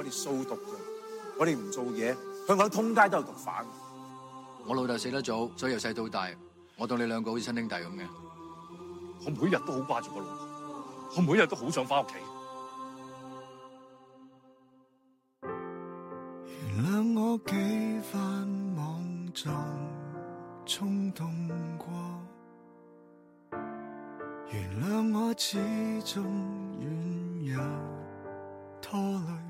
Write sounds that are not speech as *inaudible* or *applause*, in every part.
我哋掃毒嘅，我哋唔做嘢，香港通街都係毒販。我老豆死得早，所以由細到大，我當你兩個好似親兄弟咁嘅。我每日都好掛住個老婆，我每日都好想翻屋企。原諒我幾番莽撞衝動過，原諒我始終軟弱拖累。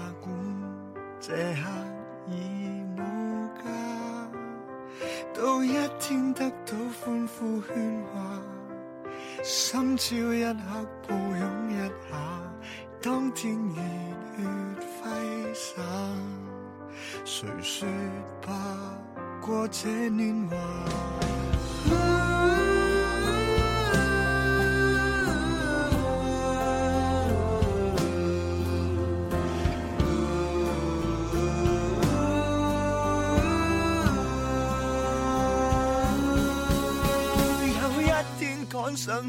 這刻已無家，到一天得到歡呼喧嘩，深宵一刻抱擁一下，當天熱血揮灑，誰説白過這年華？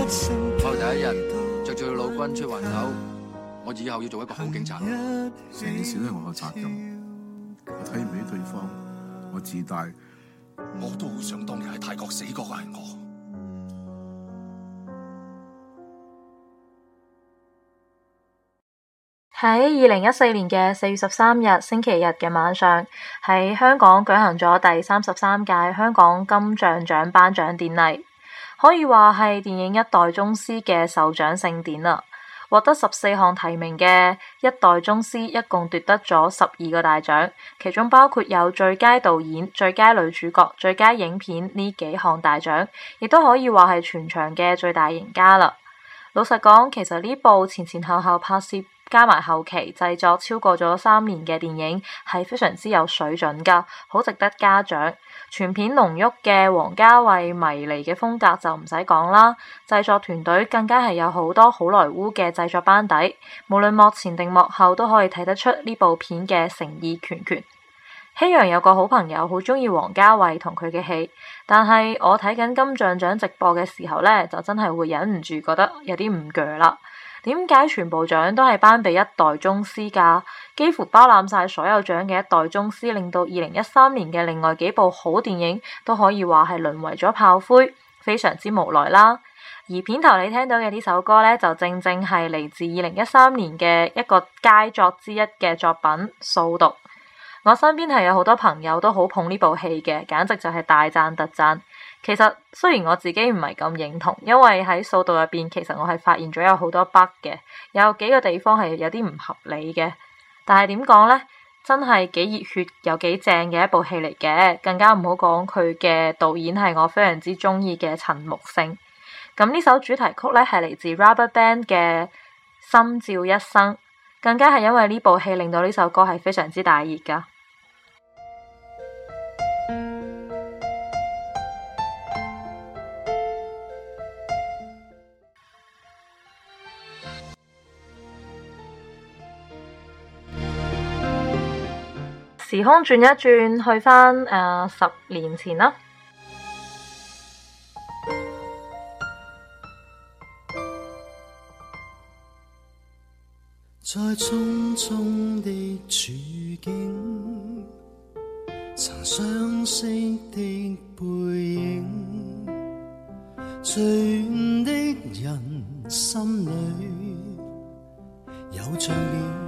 我第一日着住老軍出環口。我以後要做一個好警察。成件事都係我嘅責任，我睇唔起對方，我自大。我都好想當日喺泰國死過嘅係我。喺二零一四年嘅四月十三日星期日嘅晚上，喺香港舉行咗第三十三屆香港金像獎頒獎典禮。可以話係電影一代宗師嘅首獎盛典啦，獲得十四項提名嘅一代宗師，一共奪得咗十二個大獎，其中包括有最佳導演、最佳女主角、最佳影片呢幾項大獎，亦都可以話係全場嘅最大贏家啦。老實講，其實呢部前前後後拍攝，加埋後期製作超過咗三年嘅電影，係非常之有水準噶，好值得嘉獎。全片濃郁嘅王家衛迷離嘅風格就唔使講啦，製作團隊更加係有好多好萊塢嘅製作班底，無論幕前定幕後都可以睇得出呢部片嘅誠意拳拳。西洋有個好朋友好鍾意王家衛同佢嘅戲，但係我睇緊金像獎直播嘅時候呢，就真係會忍唔住覺得有啲唔鋸啦。點解全部獎都係頒畀一代宗師噶？幾乎包攬晒所有獎嘅一代宗師，令到二零一三年嘅另外幾部好電影都可以話係淪為咗炮灰，非常之無奈啦。而片頭你聽到嘅呢首歌呢，就正正係嚟自二零一三年嘅一個佳作之一嘅作品《掃毒》。我身邊係有好多朋友都好捧呢部戲嘅，簡直就係大讚特讚。其實雖然我自己唔係咁認同，因為喺掃毒入邊，其實我係發現咗有好多 bug 嘅，有幾個地方係有啲唔合理嘅。但係點講咧，真係幾熱血又幾正嘅一部戲嚟嘅，更加唔好講佢嘅導演係我非常之中意嘅陳木勝。咁呢首主題曲咧係嚟自 RubberBand 嘅《心照一生》，更加係因為呢部戲令到呢首歌係非常之大熱噶。時空轉一轉，去返誒十年前啦，在匆匆的處境，曾相識的背影，最遠的人心裏有着你。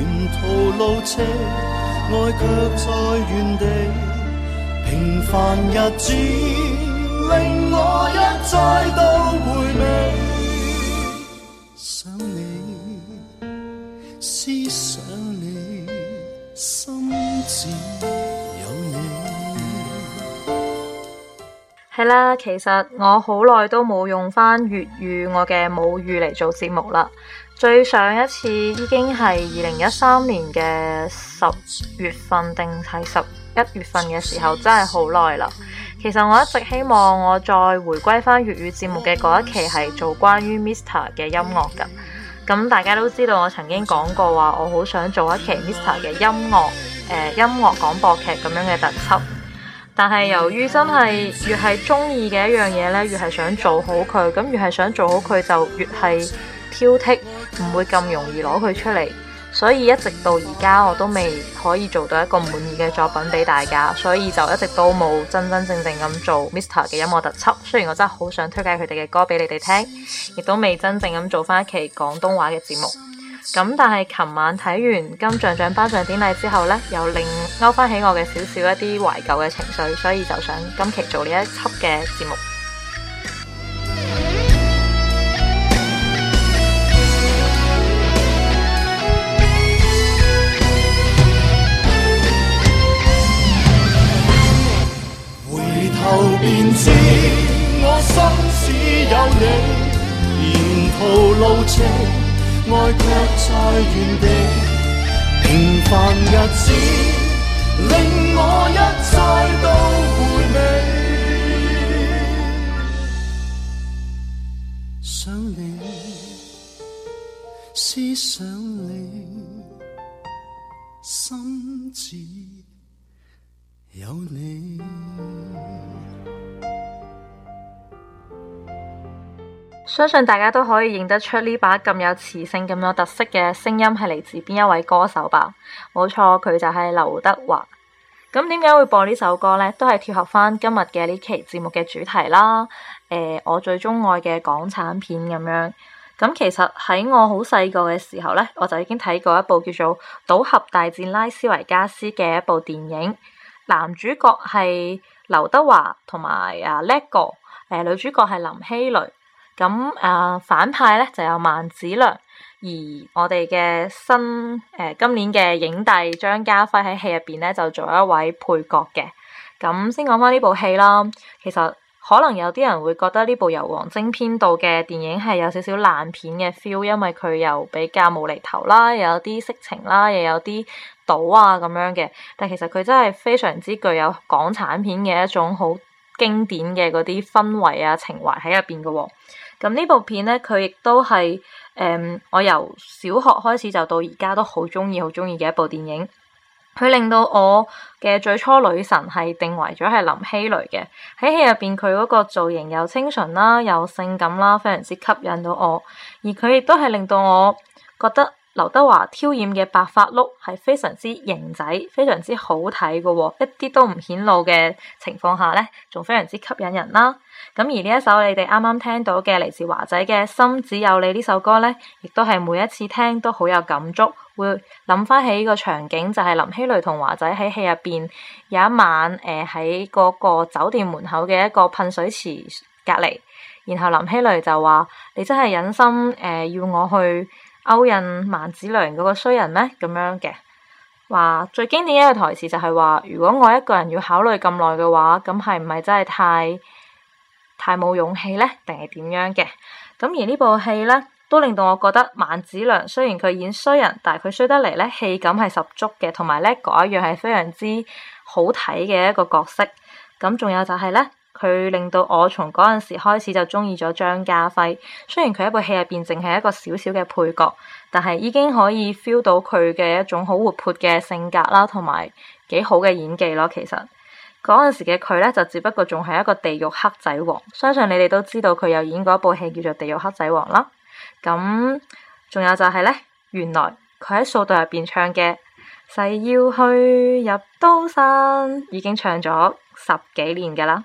沿途路斜愛卻在原地。平凡日子令我一再回味。想你思想你，心只有你，你。思心有係啦，其實我好耐都冇用返粵語我嘅母語嚟做節目啦。最上一次已經係二零一三年嘅十月份定係十一月份嘅時候，真係好耐啦。其實我一直希望我再回歸返粵語節目嘅嗰一期係做關於 Mr. 嘅音樂㗎。咁大家都知道，我曾經講過話，我好想做一期 Mr. 嘅音樂、呃，音樂廣播劇咁樣嘅特輯。但係由於真係越係中意嘅一樣嘢呢，越係想做好佢，咁越係想做好佢就越係挑剔。唔會咁容易攞佢出嚟，所以一直到而家我都未可以做到一個滿意嘅作品俾大家，所以就一直都冇真真正正咁做 Mr. 嘅音樂特輯。雖然我真係好想推介佢哋嘅歌俾你哋聽，亦都未真正咁做翻一期廣東話嘅節目。咁但係琴晚睇完金像獎頒獎典禮之後呢，又令勾翻起我嘅少少一啲懷舊嘅情緒，所以就想今期做呢一輯嘅節目。後便知我心只有你，沿途路程，愛卻在原地。平凡日子令我一再都回味。想你，思想你，心只有你，相信大家都可以認得出呢把咁有磁性、咁有特色嘅聲音係嚟自邊一位歌手吧？冇錯，佢就係劉德華。咁點解會播呢首歌呢？都係貼合翻今日嘅呢期節目嘅主題啦。誒、欸，我最鍾愛嘅港產片咁樣。咁其實喺我好細個嘅時候呢，我就已經睇過一部叫做《賭俠大戰拉斯維加斯》嘅一部電影。男主角係劉德華同埋啊叻哥，誒，女主角係林熙蕾，咁、呃、啊反派咧就有萬梓良，而我哋嘅新誒、呃、今年嘅影帝張家輝喺戲入邊咧就做一位配角嘅，咁、呃、先講翻呢部戲啦，其實。可能有啲人會覺得呢部由王晶編導嘅電影係有少少爛片嘅 feel，因為佢又比較無厘頭啦，又有啲色情啦，又有啲賭啊咁樣嘅。但其實佢真係非常之具有港產片嘅一種好經典嘅嗰啲氛圍啊情懷喺入邊嘅。咁、嗯、呢部片呢，佢亦都係誒我由小學開始就到而家都好中意好中意嘅一部電影。佢令到我嘅最初女神係定為咗係林熙蕾嘅，喺戲入邊佢嗰個造型又清純啦，又性感啦，非常之吸引到我，而佢亦都係令到我覺得。劉德華挑染嘅白發碌係非常之型仔，非常之好睇嘅，一啲都唔顯露嘅情況下咧，仲非常之吸引人啦。咁而呢一首你哋啱啱聽到嘅嚟自華仔嘅《心只有你》呢首歌咧，亦都係每一次聽都好有感觸，會諗翻起個場景就係、是、林熙蕾同華仔喺戲入邊有一晚，誒喺嗰個酒店門口嘅一個噴水池隔籬，然後林熙蕾就話：你真係忍心，誒、呃、要我去。勾引萬梓良嗰個衰人咩？咁樣嘅話，最經典一個台詞就係話，如果我一個人要考慮咁耐嘅話，咁係唔係真係太太冇勇氣呢？定係點樣嘅？咁而呢部戲呢，都令到我覺得萬梓良雖然佢演衰人，但係佢衰得嚟呢，戲感係十足嘅，同埋呢嗰一樣係非常之好睇嘅一個角色。咁仲有就係呢。佢令到我從嗰陣時開始就鍾意咗張家輝。雖然佢一部戲入邊淨係一個小小嘅配角，但係已經可以 feel 到佢嘅一種好活潑嘅性格啦，同埋幾好嘅演技咯。其實嗰陣時嘅佢咧，就只不過仲係一個地獄黑仔王。相信你哋都知道佢有演過一部戲叫做《地獄黑仔王》啦。咁仲有就係咧，原來佢喺掃毒入邊唱嘅誓要去入刀山，已經唱咗十幾年噶啦。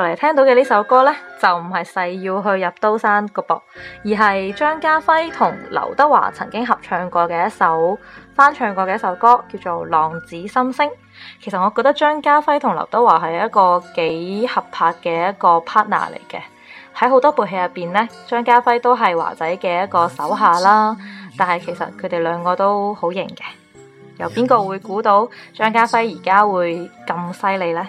後嚟，聽到嘅呢首歌呢，就唔係誓要去入刀山個噃，而係張家輝同劉德華曾經合唱過嘅一首翻唱過嘅一首歌，叫做《浪子心聲》。其實我覺得張家輝同劉德華係一個幾合拍嘅一個 partner 嚟嘅。喺好多部戲入邊呢，張家輝都係華仔嘅一個手下啦。但係其實佢哋兩個都好型嘅。有邊個會估到張家輝而家會咁犀利呢？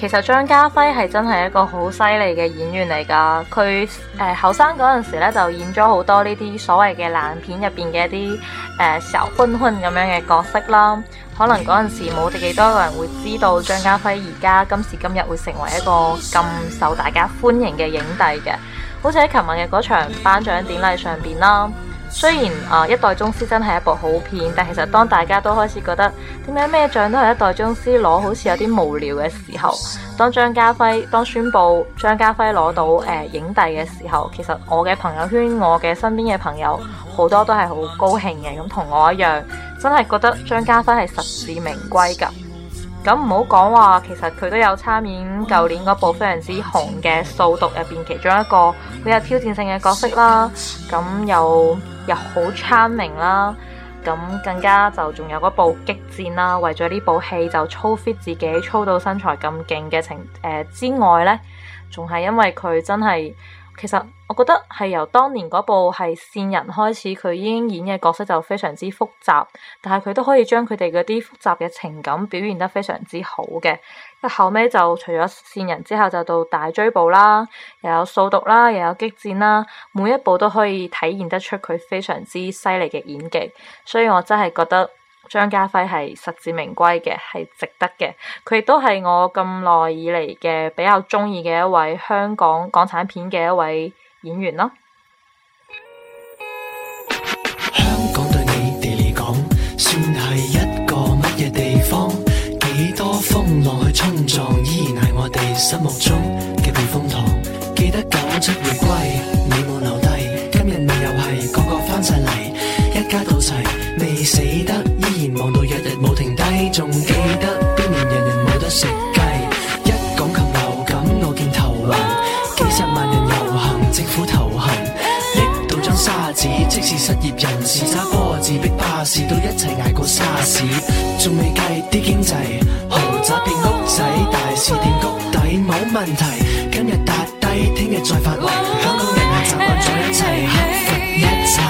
其實張家輝係真係一個好犀利嘅演員嚟㗎，佢誒後生嗰陣時咧就演咗好多呢啲所謂嘅爛片入邊嘅一啲誒小混混咁樣嘅角色啦，可能嗰陣時冇幾多個人會知道張家輝而家今時今日會成為一個咁受大家歡迎嘅影帝嘅，好似喺琴日嘅嗰場頒獎典禮上邊啦。雖然啊，一代宗師真係一部好片，但其實當大家都開始覺得點解咩獎都係一代宗師攞，好似有啲無聊嘅時候，當張家輝當宣布張家輝攞到誒、呃、影帝嘅時候，其實我嘅朋友圈、我嘅身邊嘅朋友好多都係好高興嘅，咁同我一樣，真係覺得張家輝係實至名歸噶。咁唔好講話，其實佢都有參演舊年嗰部非常之紅嘅掃毒入邊其中一個好有挑戰性嘅角色啦。咁有。又好 charming 啦，咁更加就仲有部激戰啦，為咗呢部戲就操 fit 自己，操到身材咁勁嘅情誒、呃、之外呢，仲係因為佢真係其實我覺得係由當年嗰部係線人開始，佢已經演嘅角色就非常之複雜，但係佢都可以將佢哋嗰啲複雜嘅情感表現得非常之好嘅。後尾就除咗線人之後，就到大追捕啦，又有掃毒啦，又有激戰啦，每一部都可以體現得出佢非常之犀利嘅演技，所以我真係覺得張家輝係實至名歸嘅，係值得嘅。佢亦都係我咁耐以嚟嘅比較中意嘅一位香港港產片嘅一位演員咯。落去衝撞，依然係我哋心目中嘅避風塘。記得九七回歸，你冇留低，今日咪又係個個翻曬嚟，一家到齊，未死得，依然望到日日冇停低，仲記得邊年人人冇得食雞。一講禽流感，我見頭暈，幾十萬人遊行，政府頭痕，拎到張沙紙，即使失業人士、渣波、自逼巴士都一齊捱過沙士，仲未計啲經濟。問題，今日搭低，聽日再發還。香港人習慣咗一切，克服一切。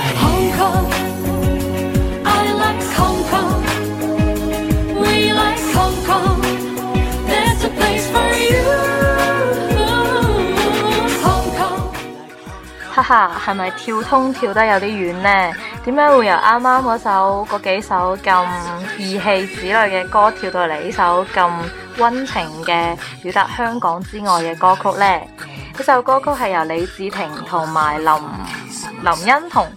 哈哈，係咪跳通跳得有啲遠呢？點解會由啱啱嗰首嗰幾首咁？義氣子女嘅歌跳到嚟呢首咁溫情嘅表達香港之外」嘅歌曲呢。呢首歌曲係由李治廷同埋林林欣彤誒、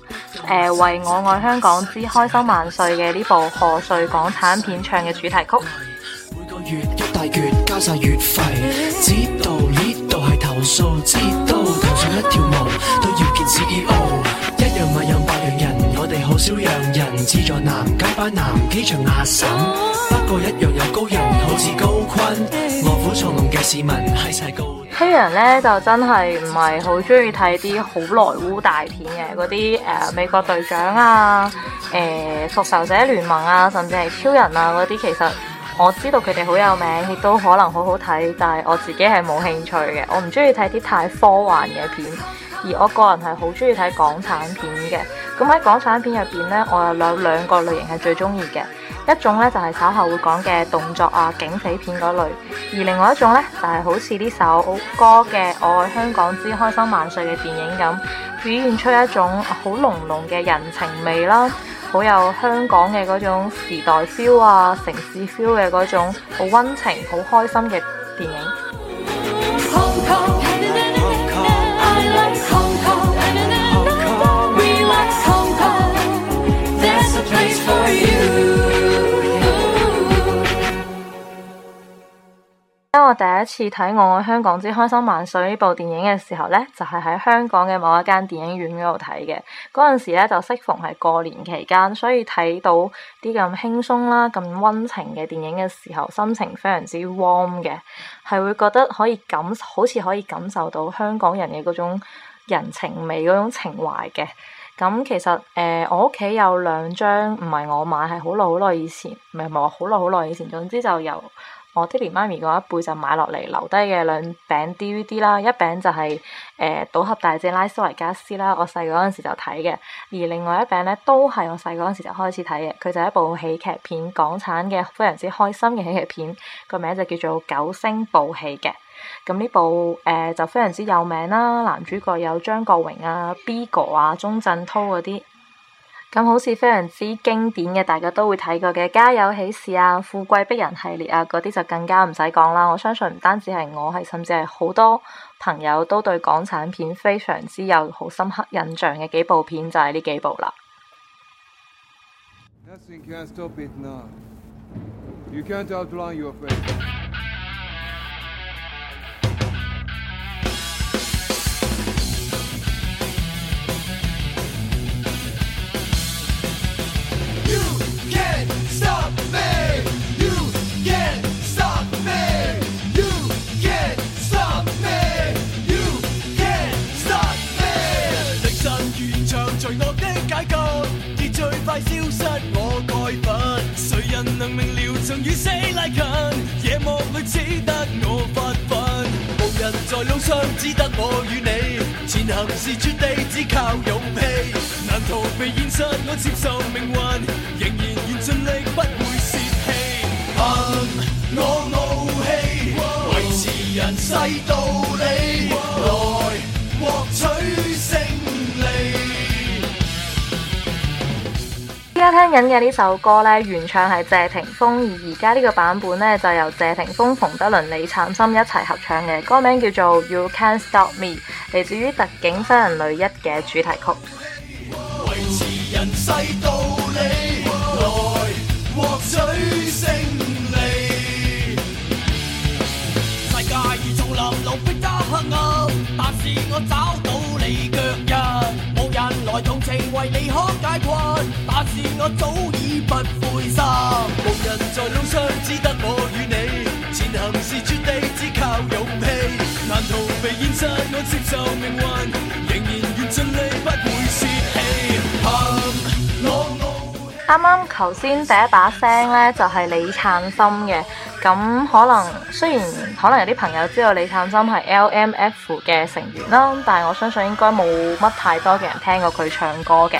呃、為我愛香港之開心萬歲嘅呢部賀歲港產片唱嘅主題曲。每個月、一大月、交晒月費，知道呢度係投訴，知道投訴一條毛，都要見 CEO。少陽人志在南街班南機場阿嬸，不過一樣有高人好似高坤，臥虎藏龍嘅市民係晒高。黑人咧就真係唔係好中意睇啲好萊塢大片嘅，嗰啲誒美國隊長啊、誒、呃、復仇者聯盟啊，甚至係超人啊嗰啲，其實我知道佢哋好有名，亦都可能好好睇，但係我自己係冇興趣嘅，我唔中意睇啲太科幻嘅片。而我個人係好中意睇港產片嘅，咁喺港產片入邊呢，我有兩兩個類型係最中意嘅，一種呢，就係稍後會講嘅動作啊警匪片嗰類，而另外一種呢，就係好似呢首歌嘅《我愛香港之開心萬歲》嘅電影咁，表現出一種好濃濃嘅人情味啦，好有香港嘅嗰種時代 feel 啊、城市 feel 嘅嗰種好溫情、好開心嘅電影。因為我第一次睇《我愛香港之開心萬歲》呢部電影嘅時候呢就係、是、喺香港嘅某一間電影院嗰度睇嘅。嗰陣時呢就適逢係過年期間，所以睇到啲咁輕鬆啦、咁溫情嘅電影嘅時候，心情非常之 warm 嘅，係會覺得可以感好似可以感受到香港人嘅嗰種人情味、嗰種情懷嘅。咁其實誒、呃，我屋企有兩張唔係我買，係好耐好耐以前，唔係冇好耐好耐以前，總之就由我爹哋媽咪嗰一輩就買落嚟留低嘅兩餅 DVD 啦，一餅就係誒《賭俠大戰拉斯維加斯》啦，我細個嗰陣時就睇嘅，而另外一餅咧都係我細個嗰陣時就開始睇嘅，佢就係一部喜劇片，港產嘅非常之開心嘅喜劇片，個名就叫做《九星報喜》嘅。咁呢部誒、呃、就非常之有名啦，男主角有張國榮啊、B 哥啊、鍾鎮濤嗰啲。咁好似非常之經典嘅，大家都會睇過嘅《家有喜事》啊，《富貴逼人》系列啊嗰啲就更加唔使講啦。我相信唔單止係我係，甚至係好多朋友都對港產片非常之有好深刻印象嘅幾部片就係、是、呢幾部啦。快消失！我該不，誰人能明瞭？從與死拉近，夜幕裏只得我發奮。無人在路上，只得我與你。前行是絕地，只靠勇氣。難逃被現實，我接受命運，仍然願盡力，不會泄氣。憑我傲氣，維持人世道理，來獲取。聽緊嘅呢首歌呢，原唱係謝霆鋒，而而家呢個版本呢，就由謝霆鋒、馮德倫、李燦森一齊合唱嘅，歌名叫做《You Can't Stop Me》，嚟自於《特警新人類一嘅主題曲。世，世界已縱流流逼得黑，啊，但是我找到你腳印，無人來同情為，為你可解困。我我我早已不不悔心，無人在路上，只只得我與你。前行是絕地，只靠勇氣難逃避，現世我接受命運，仍然要盡力，不會洩氣。啱啱頭先第一把聲呢，就係李燦森嘅。咁可能雖然可能有啲朋友知道李燦森係 LMF 嘅成員啦，但係我相信應該冇乜太多嘅人聽過佢唱歌嘅。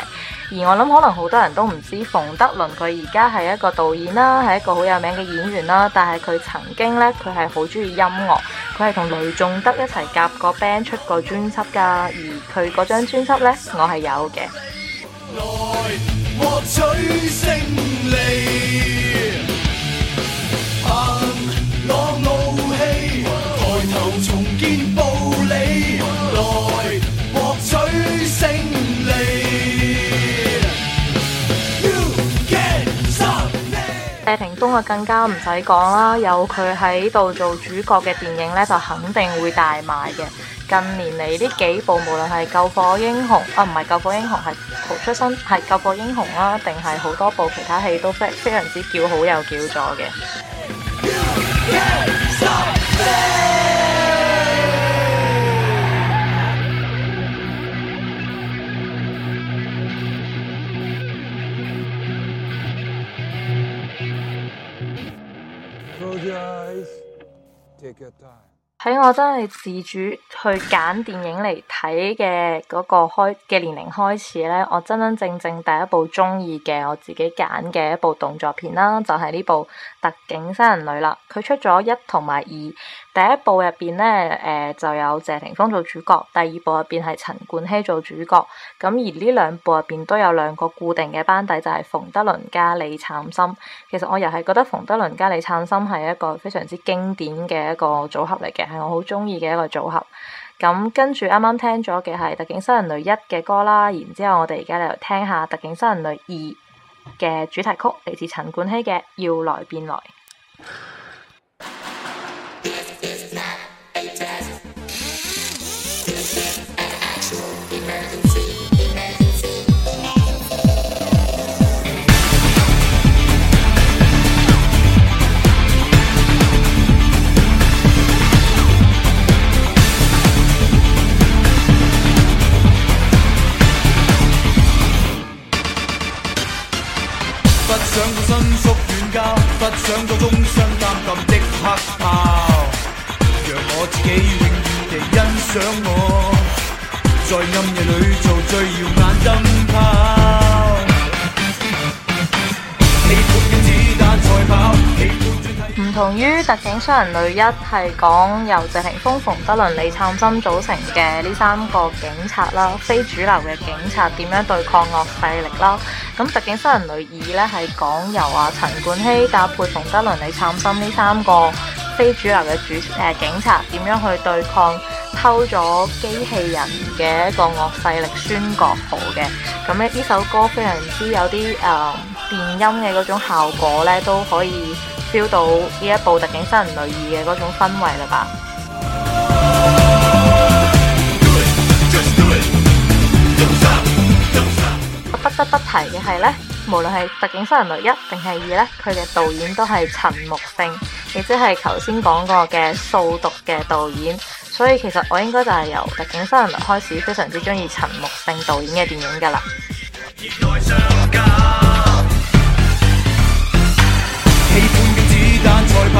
而我諗可能好多人都唔知馮德倫佢而家係一個導演啦，係一個好有名嘅演員啦，但係佢曾經呢，佢係好中意音樂，佢係同雷頌德一齊夾個 band 出過專輯噶，而佢嗰張專輯呢，我係有嘅。來獲取勝利，謝霆鋒啊，更加唔使講啦，有佢喺度做主角嘅電影呢，就肯定會大賣嘅。近年嚟呢幾部，無論係救火英雄啊，唔係救火英雄係逃出生係救火英雄啦，定係好多部其他戲都非非常之叫好又叫咗嘅。喺我真係自主去揀電影嚟睇嘅嗰個開嘅年齡開始咧，我真真正正第一部中意嘅我自己揀嘅一部動作片啦，就係呢部。特警新人類啦，佢出咗一同埋二，第一部入邊咧，誒、呃、就有謝霆鋒做主角；第二部入邊係陳冠希做主角。咁而呢兩部入邊都有兩個固定嘅班底，就係、是、馮德倫加李燦森。其實我又係覺得馮德倫加李燦森係一個非常之經典嘅一個組合嚟嘅，係我好中意嘅一個組合。咁跟住啱啱聽咗嘅係《特警新人類一》嘅歌啦，然之後我哋而家嚟聽下《特警新人類二》。嘅主題曲，嚟自陳冠希嘅《要來便來》。特警《雙人類一》係講由謝霆鋒、馮德倫、李燦森組成嘅呢三個警察啦，非主流嘅警察點樣對抗惡勢力啦。咁《特警雙人類二》呢係講由啊陳冠希搭配馮德倫、李燦森呢三個非主流嘅主誒、呃、警察點樣去對抗偷咗機器人嘅一個惡勢力孫國豪嘅。咁咧呢首歌非常之有啲誒。呃電音嘅嗰種效果呢，都可以 feel 到呢一部特警新人類二嘅嗰種氛圍啦吧。 *music* 不得不提嘅係呢，無論係特警新人類一定係二呢，佢嘅導演都係陳木勝，亦即係頭先講過嘅掃毒嘅導演。所以其實我應該就係由特警新人類開始，非常之中意陳木勝導演嘅電影噶啦。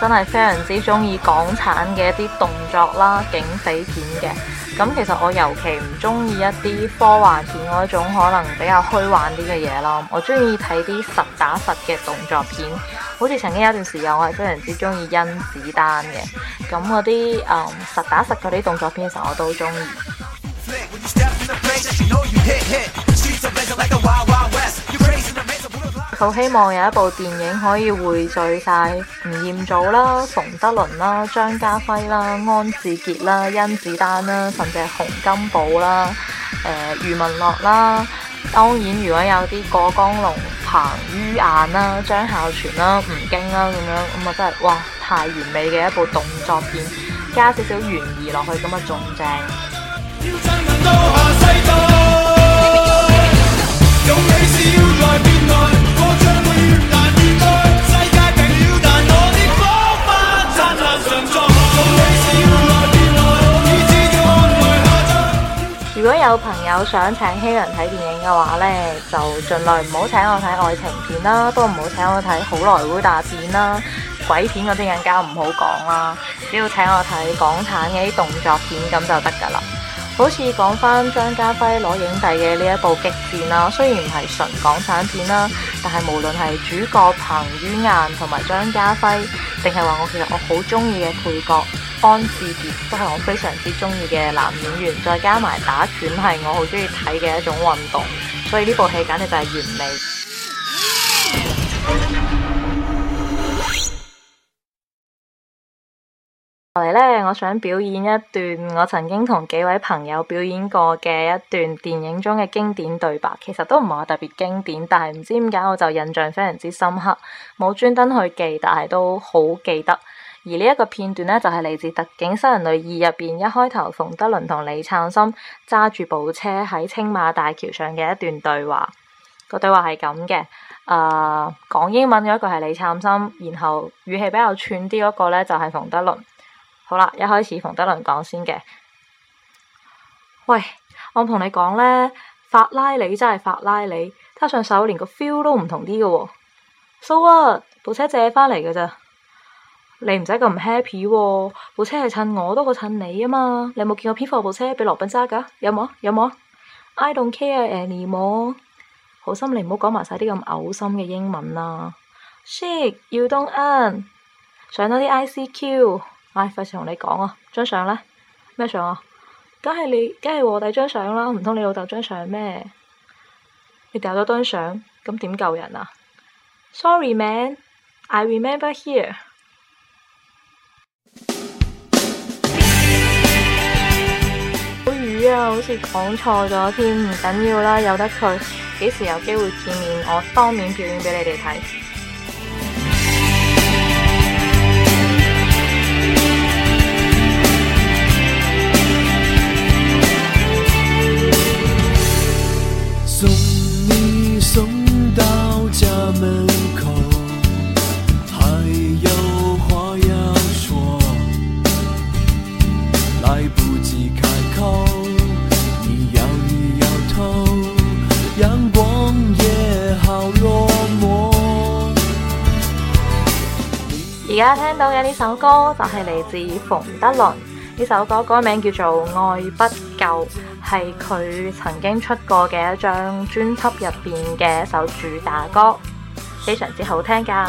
真係非常之中意港產嘅一啲動作啦、警匪片嘅。咁其實我尤其唔中意一啲科幻片，嗰種可能比較虛幻啲嘅嘢咯。我中意睇啲實打實嘅動作片。好似曾經有一段時間，我係非常之中意甄子丹嘅。咁嗰啲誒實打實嗰啲動作片嘅時候，我都中意。 *music* 好希望有一部電影可以匯聚晒吳彥祖啦、馮德倫啦、張家輝啦、安志杰啦、甄子丹啦，甚至係洪金寶啦、誒、呃、余文樂啦。當然，如果有啲過江龍、彭于晏啦、張孝全啦、吳京啦咁樣，咁啊真係哇，太完美嘅一部動作片，加少少懸疑落去，咁啊仲正。如果有朋友想請希仁睇電影嘅話呢，就盡量唔好請我睇愛情片啦，都唔好請我睇好萊塢大片啦，鬼片嗰啲更加唔好講啦，只要請我睇港產嘅啲動作片咁就得噶啦。好似講翻張家輝攞影帝嘅呢一部《激戰》啦，雖然唔係純港產片啦，但係無論係主角彭于晏同埋張家輝，定係話我其實我好中意嘅配角。安志傑都係我非常之中意嘅男演員，再加埋打拳係我好中意睇嘅一種運動，所以呢部戲簡直就係完美。後嚟呢，我想表演一段我曾經同幾位朋友表演過嘅一段電影中嘅經典對白，其實都唔係話特別經典，但係唔知點解我就印象非常之深刻，冇專登去記，但係都好記得。而呢一個片段呢，就係嚟自《特警新人類二》入邊一開頭，馮德倫同李燦森揸住部車喺青馬大橋上嘅一段對話。個對話係咁嘅，誒、呃，講英文嗰一個係李燦森，然後語氣比較串啲嗰個呢就係馮德倫。好啦，一開始馮德倫講先嘅，喂，我同你講呢，法拉利真係法拉利，揸上手連個 feel 都唔同啲嘅喎。So 啊，部車借翻嚟㗎咋？你唔使咁 happy 喎，哦，部車係趁我多過趁你啊嘛！你有冇見過偏貨部車畀羅賓揸噶？有冇？有冇？I don't care anymore。好心你唔好講埋晒啲咁嘔心嘅英文啦。Shit you don't end。上多啲 ICQ。唉，費事同你講啊，張相咧咩相啊？梗係你梗係我第張相啦，唔通你老豆張相咩？你掉咗張相，咁點救人啊？Sorry man，I remember here。好似講錯咗添，唔緊要啦，由得佢。幾時有機會見面，我當面表演俾你哋睇。So 而家聽到嘅呢首歌就係嚟自馮德倫，呢首歌歌名叫做《愛不夠》，係佢曾經出過嘅一張專輯入邊嘅一首主打歌，非常之好聽㗎。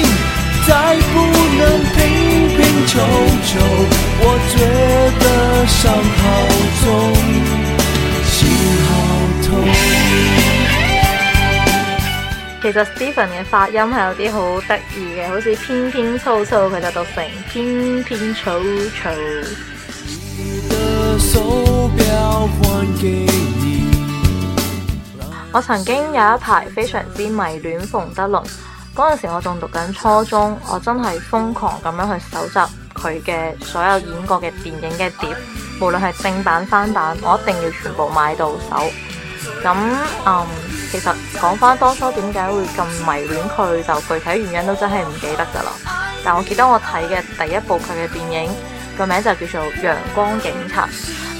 其實 Steven 嘅發音係有啲好得意嘅，好似偏偏粗粗，佢就讀成偏偏醜醜。 *noise* 我曾經有一排非常之迷戀馮德倫。嗰陣時我仲讀緊初中，我真係瘋狂咁樣去搜集佢嘅所有演過嘅電影嘅碟，無論係正版翻版，我一定要全部買到手。咁嗯，其實講翻當初點解會咁迷戀佢，就具體原因都真係唔記得㗎啦。但我記得我睇嘅第一部佢嘅電影個名就叫做《陽光警察》。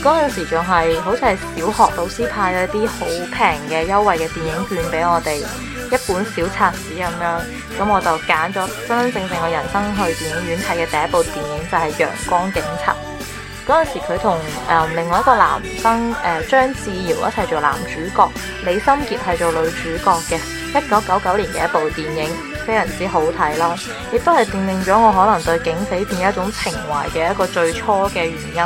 嗰陣時仲係好似係小學老師派咗啲好平嘅優惠嘅電影券俾我哋。一本小冊子咁樣，咁我就揀咗真真正正我人生去電影院睇嘅第一部電影就係、是《陽光警察》。嗰陣時佢同誒另外一個男生誒、呃、張智堯一齊做男主角，李心潔係做女主角嘅。一九九九年嘅一部電影，非常之好睇啦，亦都係奠定咗我可能對警匪片一種情懷嘅一個最初嘅原因。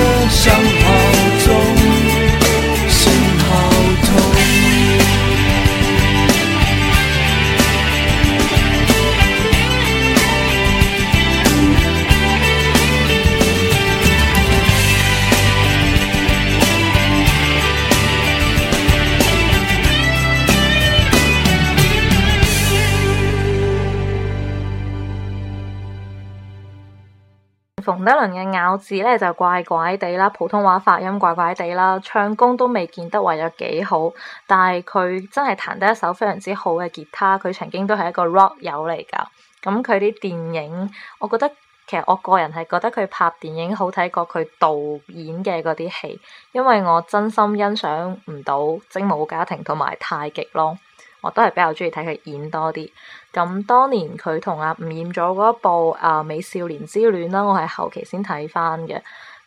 咬字咧就怪怪地啦，普通話發音怪怪地啦，唱功都未見得話有幾好。但係佢真係彈得一手非常之好嘅吉他，佢曾經都係一個 rock 友嚟噶。咁佢啲電影，我覺得其實我個人係覺得佢拍電影好睇過佢導演嘅嗰啲戲，因為我真心欣賞唔到《精武家庭》同埋《太極》咯。我都係比較中意睇佢演多啲。咁當年佢同阿吳彥祖嗰部《啊、呃、美少年之戀》啦，我係後期先睇翻嘅，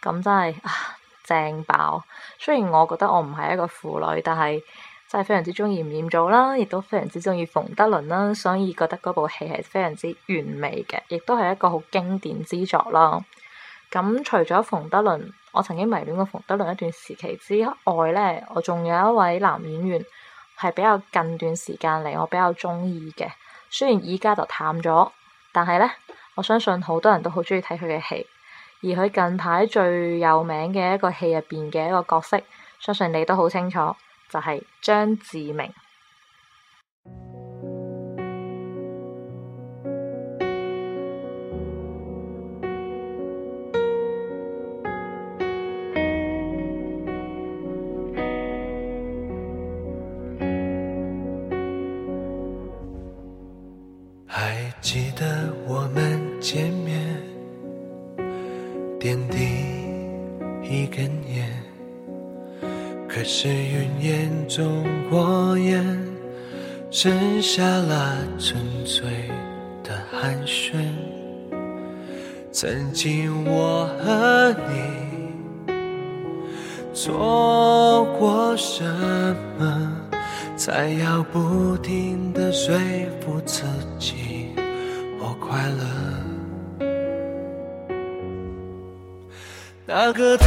咁真係啊正爆！雖然我覺得我唔係一個腐女，但係真係非常之中意吳彥祖啦，亦都非常之中意馮德倫啦，所以覺得嗰部戲係非常之完美嘅，亦都係一個好經典之作啦。咁除咗馮德倫，我曾經迷戀過馮德倫一段時期之外咧，我仲有一位男演員係比較近段時間嚟我比較中意嘅。雖然而家就淡咗，但係咧，我相信好多人都好鍾意睇佢嘅戲。而佢近排最有名嘅一個戲入邊嘅一個角色，相信你都好清楚，就係、是、張智明。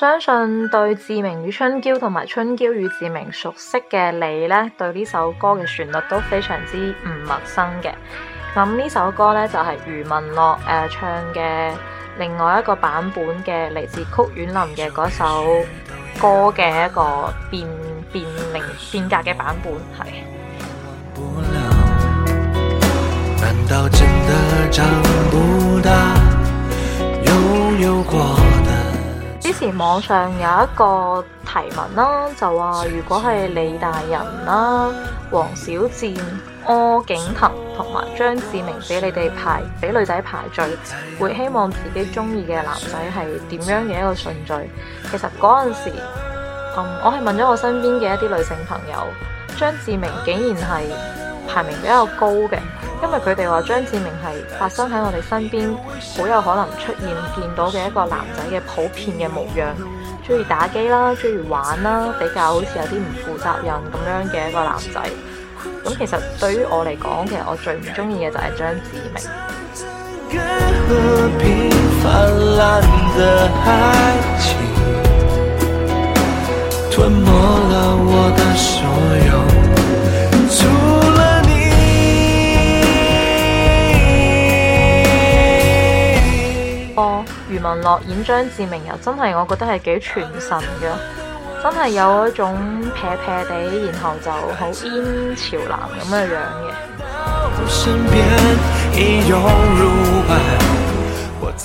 相信對與《志明與春嬌》同埋《春嬌與志明》熟悉嘅你呢，對呢首歌嘅旋律都非常之唔陌生嘅。咁呢首歌呢，就係、是、余文樂誒唱嘅另外一個版本嘅，嚟自《曲婉林》嘅嗰首歌嘅一個變變另變格嘅版本係。之前網上有一個提問啦，就話如果係李大仁啦、王小賤、柯景騰同埋張志明俾你哋排俾女仔排序，會希望自己中意嘅男仔係點樣嘅一個順序？其實嗰陣時，嗯，我係問咗我身邊嘅一啲女性朋友，張志明竟然係排名比較高嘅。因為佢哋話張志明係發生喺我哋身邊好有可能出現見到嘅一個男仔嘅普遍嘅模樣，中意打機啦，中意玩啦，比較好似有啲唔負責任咁樣嘅一個男仔。咁其實對於我嚟講，其實我最唔中意嘅就係張志明。 *music* 哦、余文樂演張志明又真係，我覺得係幾傳神嘅，真係有一種撇撇地，然後就好煙潮男咁嘅樣嘅，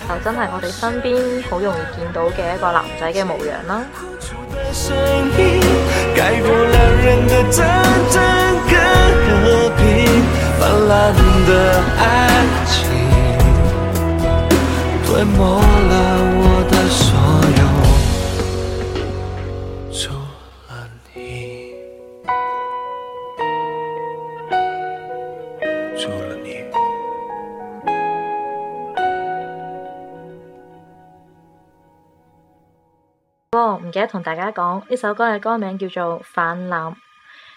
就真係我哋身邊好容易見到嘅一個男仔嘅模樣啦。吞沒了我的所有，除了你，除了你。哦，唔記得同大家講，呢首歌嘅歌名叫做《泛濫》。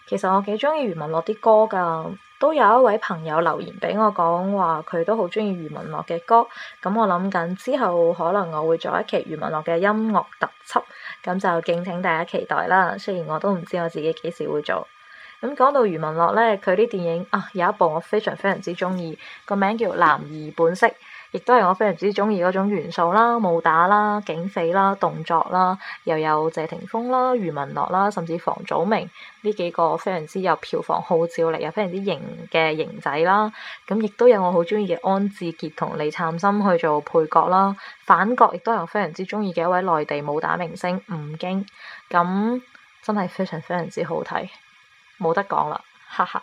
其實我幾鍾意余文樂啲歌噶。都有一位朋友留言畀我講話，佢都好鍾意余文樂嘅歌。咁我諗緊之後可能我會做一期余文樂嘅音樂特輯，咁就敬請大家期待啦。雖然我都唔知我自己幾時會做。咁講到余文樂咧，佢啲電影啊，有一部我非常非常之中意，個名叫《男兒本色》。亦都係我非常之中意嗰種元素啦，武打啦、警匪啦、動作啦，又有謝霆鋒啦、余文樂啦，甚至房祖名呢幾個非常之有票房號召力又非常之型嘅型仔啦。咁亦都有我好中意嘅安志杰同李燦森去做配角啦，反角亦都係我非常之中意嘅一位內地武打明星吳京。咁真係非常非常之好睇，冇得講啦，哈哈。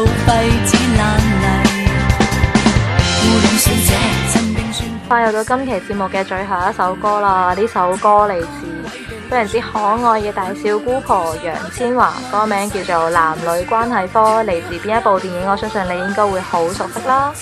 *music* 快又到今期節目嘅最後一首歌啦！呢首歌嚟自非常之可愛嘅大小姑婆楊千嬅，歌名叫做《男女關係科》，嚟自邊一部電影？我相信你應該會好熟悉啦！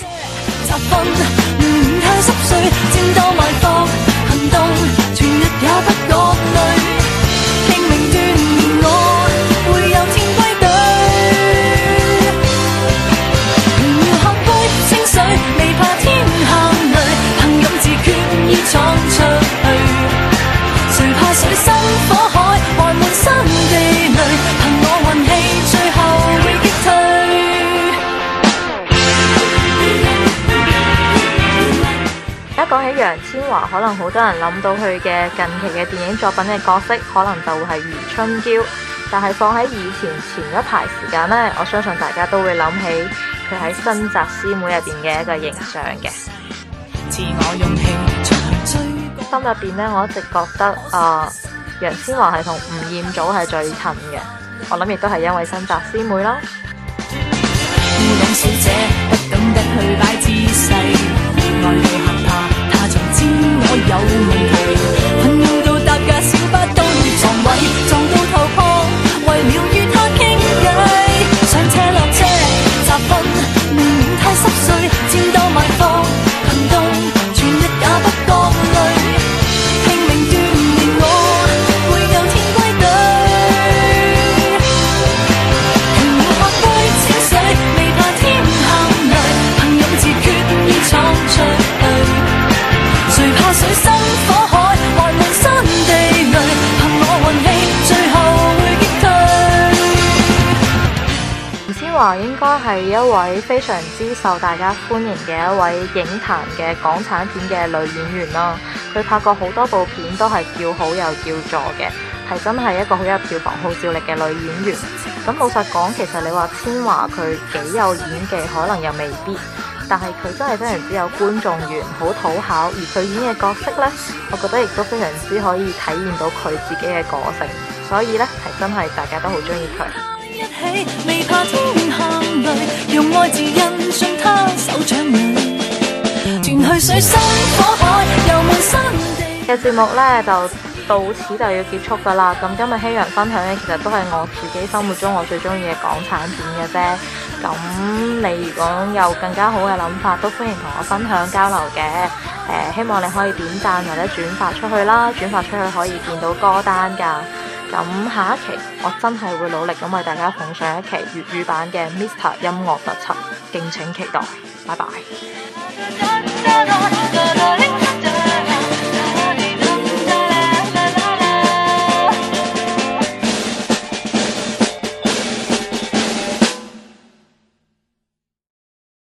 而家講起楊千嬅，可能好多人諗到佢嘅近期嘅電影作品嘅角色，可能就會係余春嬌。但係放喺以前前一排時間呢，我相信大家都會諗起佢喺新紮師妹入邊嘅一個形象嘅。自我勇氣 foi foi 心入邊呢，我一直覺得啊，楊、呃、千嬅係同吳彥祖係最襯嘅。我諗亦都係因為新紮師妹啦。有問題。係一位非常之受大家歡迎嘅一位影壇嘅港產片嘅女演員啦，佢拍過好多部片都係叫好又叫座嘅，係真係一個好有票房號召力嘅女演員。咁老實講，其實你話千嬅佢幾有演技，可能又未必，但係佢真係非常之有觀眾緣，好討巧，而佢演嘅角色呢，我覺得亦都非常之可以體現到佢自己嘅個性，所以呢，係真係大家都好中意佢。未怕天用愛字印他手。去水深火海又地嘅節目呢，就到此就要結束噶啦。咁今日希人分享咧，其實都係我自己心目中我最中意嘅港產片嘅啫。咁你如果有更加好嘅諗法，都歡迎同我分享交流嘅。誒、呃，希望你可以點讚或者轉發出去啦，轉發出去可以見到歌單噶。咁下一期我真係會努力咁為大家捧上一期粵語版嘅 Mr. 音樂特輯，敬請期待，拜拜。